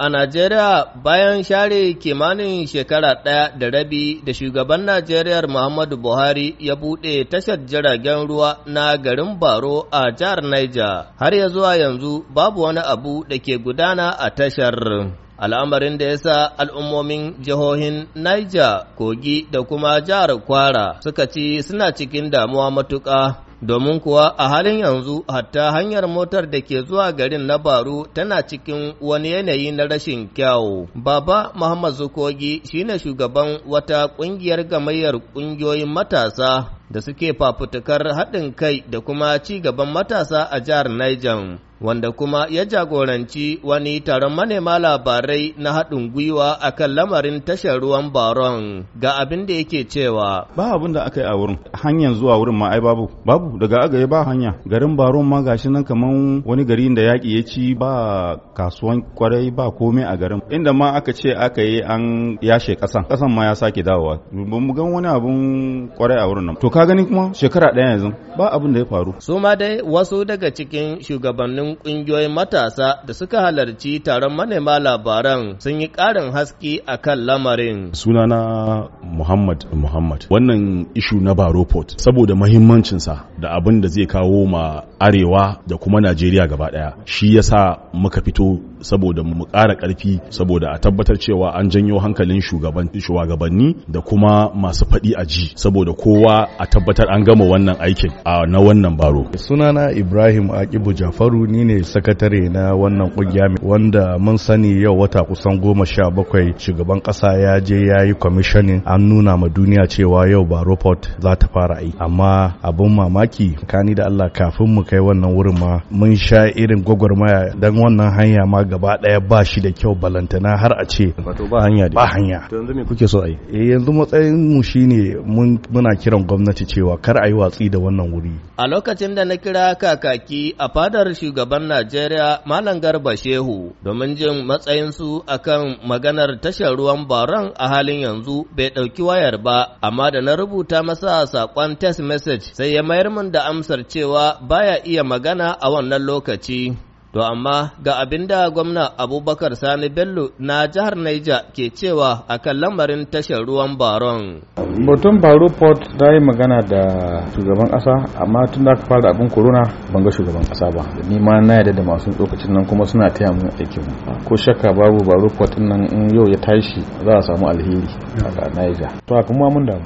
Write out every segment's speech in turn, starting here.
A Najeriya bayan share kimanin shekara ɗaya da rabi da shugaban Najeriya Muhammadu Buhari ya buɗe tashar jiragen ruwa na garin Baro a jihar Niger, har ya zuwa yanzu babu wani abu da ke gudana a tashar. al'amarin da ya sa al'ummomin jihohin Niger, Kogi da kuma jihar Kwara suka ci suna cikin damuwa matuƙa. domin kuwa a halin yanzu hatta hanyar motar da ke zuwa garin na Baru tana cikin wani yanayi na rashin kyawu. Baba Muhammad Zukogi shine shugaban wata ƙungiyar gamayyar ƙungiyoyin matasa da suke fafutukar haɗin kai da kuma ci gaban matasa a jihar Niger. wanda kuma ya jagoranci wani taron manema labarai na haɗin gwiwa a kan lamarin tashar ruwan baron ga abin da yake cewa ba abin da aka yi a wurin hanyar zuwa wurin ma ai babu babu daga aga ba hanya garin baron ma gashi nan kaman wani gari da yaƙi ya ci ba kasuwan kwarai ba komai a garin inda ma aka ce aka yi an yashe ƙasan ƙasan ma ya sake dawowa ba mu gan wani abun kwarai a wurin nan to ka gani kuma shekara ɗaya yanzu ba abin da ya faru su ma dai wasu daga cikin shugabannin shugabannin ƙungiyoyin matasa da suka halarci taron manema labaran sun yi ƙarin haske a kan lamarin. Sunana Muhammad Muhammad. Wannan ishu na Baro Port saboda mahimmancinsa da abin da zai kawo ma Arewa da kuma Najeriya gaba ɗaya. Shi yasa muka fito saboda mu ƙara ƙarfi saboda a tabbatar cewa an janyo hankalin shugabanni da kuma masu faɗi a ji saboda kowa a tabbatar an gama wannan aikin a na wannan baro. Sunana Ibrahim Akibu Jafaru ne. ni ne sakatare na wannan kungiya wanda mun sani yau wata kusan goma sha bakwai shugaban kasa ya je ya yi kwamishinin an nuna ma duniya cewa yau ba report za ta fara yi amma abin mamaki kani da Allah kafin mu kai wannan wurin ma mun sha irin gwagwarmaya dan wannan hanya ma gaba daya ba shi da kyau balantana har a ce ba hanya ba hanya to yanzu me kuke so a yi eh yanzu matsayin mu shine mun muna kiran gwamnati cewa kar a yi watsi da wannan wuri a lokacin da na kira kakaki a fadar shugaban shugaban Najeriya Malam Garba Shehu domin jin matsayinsu akan maganar tashar ruwan Baron a halin yanzu bai ɗauki wayar ba, amma da na rubuta masa saƙon text message sai ya mayar min da amsar cewa baya iya magana a wannan lokaci. To amma ga abin da gwamna Abubakar Sani Bello na jihar Naija ke cewa a kan lamarin tashar ruwan Baron. Mutum Baro Port ta yi magana da shugaban ƙasa amma tun da aka fara abin korona ban ga shugaban ƙasa ba. Ni ma na yadda da masu tsokacin nan kuma suna taya mu aikin ko shakka babu Baro Port nan in yau ya tashi za a samu alheri a Naija. To a kuma mun da.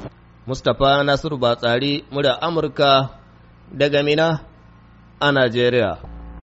Mustapha Nasiru Batsari mura Amurka daga Mina a Najeriya.